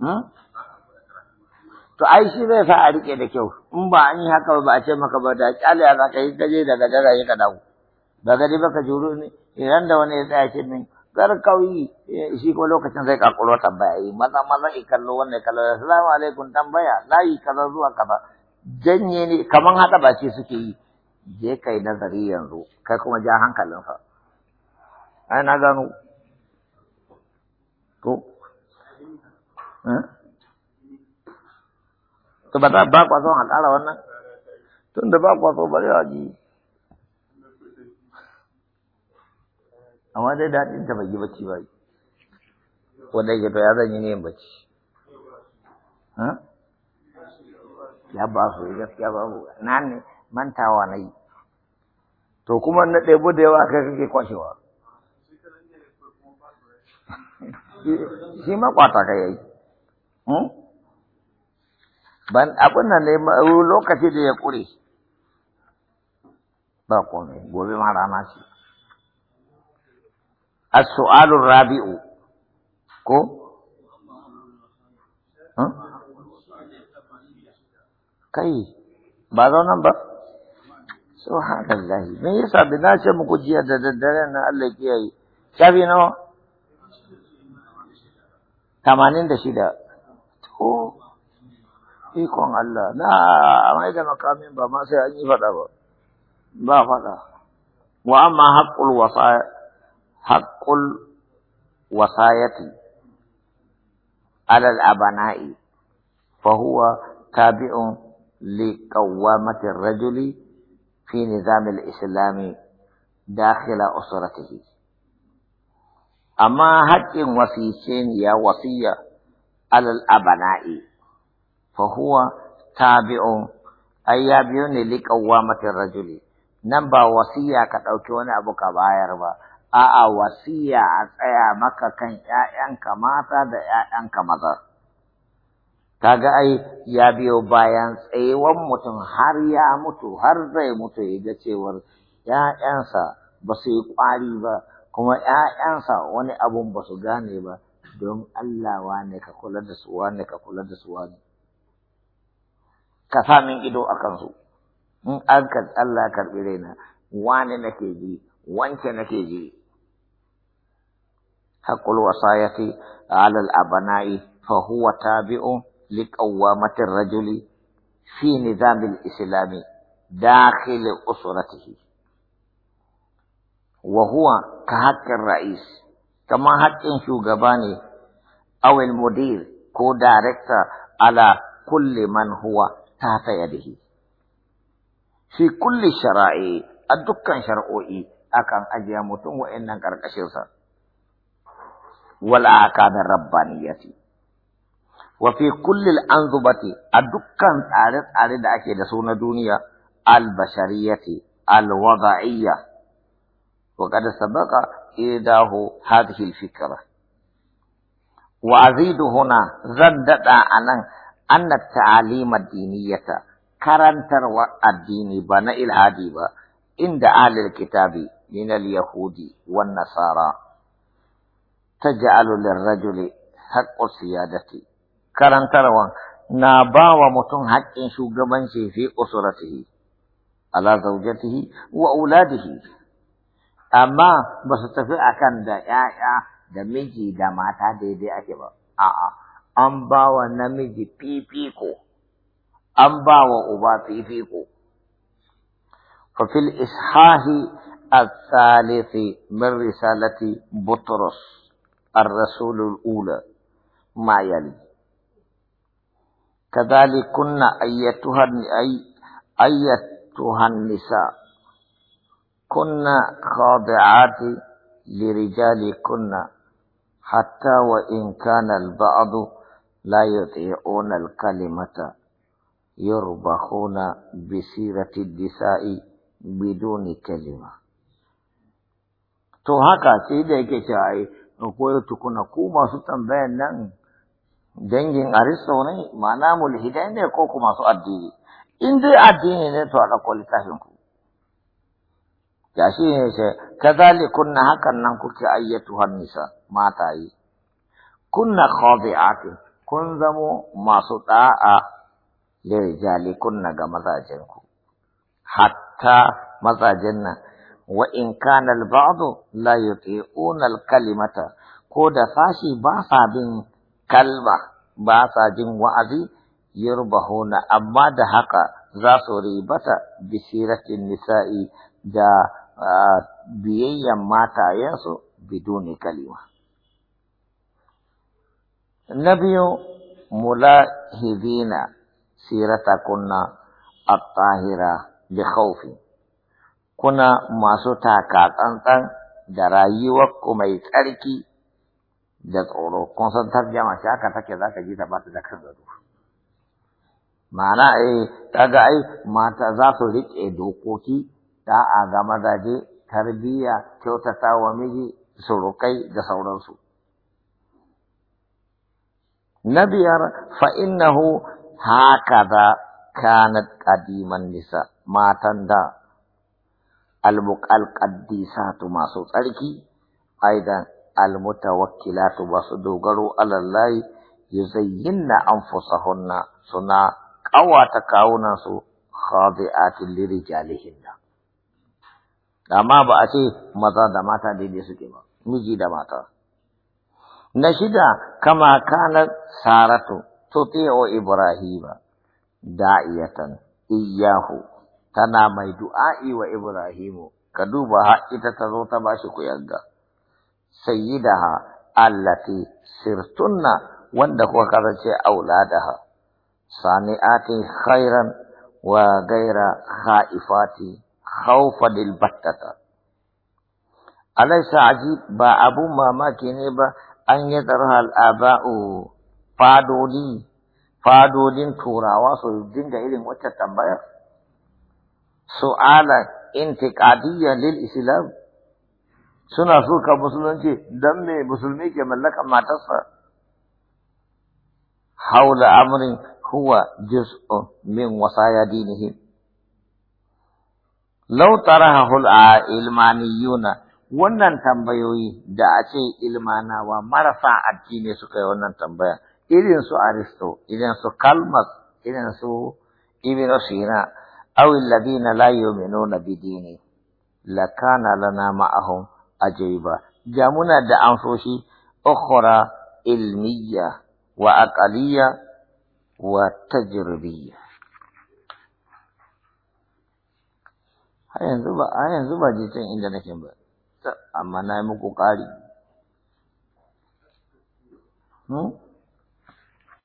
To ai shi zai sa a riƙe da kyau, in ba an yi haka ba a ce maka ba da ƙyale a ka yi gaje daga jara yi ka dawo. Ba gari ba ka juru ne, idan da wani ya tsaya ce min kar kauyi eh, shi ko lokacin zai kakuro tambaya yi eh, maza maza i kallo wanne kallo assalamu alaikum tambaya layi kaza zuwa kaza janye ne kaman ba ce suke yi je kai nazari yanzu kai kuma ja hankalinsa ai na gano to to ba ta ba kwa son a ƙara wannan tun da ba kwa ba zai waji amma dai daɗin ta bai yi bacci ba wanda yake to ya zanyi yi ne yin bacci ya ba su gaskiya ba mu na ne mantawa na yi to kuma na ɗebo da yawa kai kake kwashewa shi ma kwata ka yayi Hmm? ban abin nan ne lokaci da ya ƙure ba kome gobe ma rana ce as-su'alur rabi'u ko hmm? kai ba nan ba subhanallah me yasa da na ce muku jiya da daddare na Allah kiyaye shafi nawa 86 ko ikon Allah na mai da makamin ba ma sai an yi faɗa ba ba faɗa wa amma haqqul wasaya haqqul wasayati ala al-abana'i fa huwa tabi'un لقوامة الرجل في نظام الإسلام داخل أسرته أما حق وفي سين يا وصية alal abana'i fa huwa tabi'un ai ya biyo ne li qawamatir rajuli nan ba wasiya ka ɗauki wani abu ka bayar ba a'a wasiya a tsaya maka kan 'ya'yanka mata da 'ya'yanka maza kaga ai ya biyo bayan tsewan mutum har ya mutu har zai mutu ya ga cewar ‘ya'yansa ba su yi ƙwari ba, kuma ‘ya'yansa wani abu ba su gane ba, don Allah wane ka kula da su wane ka kula da su wane ka sa min ido a kansu in an ka Allah karɓi raina wane nake ji wance nake ji haqqul wasayati ala al-abna'i fa huwa tabi'u li qawamati ar-rajuli fi nizam al-islami داخل أسرته وهو كحق الرئيس كما حق شوغباني أو المدير كو دايركتور على كل من هو تحت يده في كل شرائع الدكان شرعي أكان وان وإنن ولا والأعقاب الربانية وفي كل الأنظمة الدكان تعرض تعرض أكيد سون دنيا البشرية الوضعية وقد سبق إيداه هذه الفكرة وأزيد هنا زددا أن أن التعاليم الدينية كرنتر الديني بنا الهادي با عند أهل الكتاب من اليهود والنصارى تجعل للرجل حق السيادة كرنتر نابا ومتن حق شغبان في أسرته على زوجته وأولاده أما بس تفعل كان دا da miji da mata daidai ake ba a an ba wa namiji fifiko an ba wa uba fifiko fa fil ishahi الثالث من رسالة بطرس الرسول الأولى ما يلي كذلكن أيتها أيتها النساء كن خاضعات لرجالكن حتى وإن كان البعض لا يطيعون الكلمة يربخون بسيرة الدساء بدون كلمة to haka sai da yake cewa ai akwai tukuna ku masu tambayan nan dangin aristo ne ma'ana mulhidai ne ko ku masu addini in dai addini ne to a ɗauko littafin ku كاشيشه كذلك كنا هكا نقول أيتها النساء ما تاي كنا خاضعات كنزم ما سطاء لرجال كنا كمزاجنكو حتى مزاجنا وإن كان البعض لا يطيعون الكلمة كود فاشي باسا بن كلمة باسا بن وعزي يربحون أما دهق ذا صريبة بسيرة النساء ذا biyayyan matayensu ne kalima. Na biyu, mulahidina sirata kunna a tahira da haufi. Kuna masu taka tsantsan da rayuwarku mai tsarki da tsoro. Kun san tarjama shi aka take za ka ji ta bata da kan gado. Ma'ana eh kaga ai mata za su riƙe dokoki da'a ga mazaje tarbiyya kyautata wa miji surukai da sauransu na biyar fa'innahu haka da kanat ƙadiman nisa matan da alƙaddisatu masu tsarki aidan almutawakkilatu masu dogaro na an anfusahunna suna ƙawata kawunansu khadi'atin jalihinna da ma ba a ce maza da mata daidai suke ba miji da mata na shida kama kanar saratu tuti'u ibrahima da'iyatan iyyahu tana mai du'a'i wa ibrahimu ka duba ha ita ta zo ta bashi kuyanga sayyidaha allati sirtunna wanda kuka kasance auladaha sani'ati khairan wa gaira kha'ifati خوفا البتة علیسا عجیب با ابو ماما کینے كنيبا أن يدرها الآباء فادولي فادولين توراوا سو دين إلين وجه تنبير سؤال انتقادية للإسلام suna so ka musulunci don me musulmi ke mallaka matarsa حول amrin huwa juz'un من wasaya dinihim Lau tarahul a ilmaniyuna wannan tambayoyi da a ce ilmanawa marasa addini suka yi wannan tambaya irin su Aristo, irin su Kalmas, irin su Ibn Sina, aw alladhina la yu'minuna bidi ne, lakana lana ma'ahum ajaiba ga jamuna da amsoshi ukhra ilmiya wa aqaliya wa tajribiyya har yanzu ba a yanzu ba je can inda nake ba amma na yi muku ƙari hmm?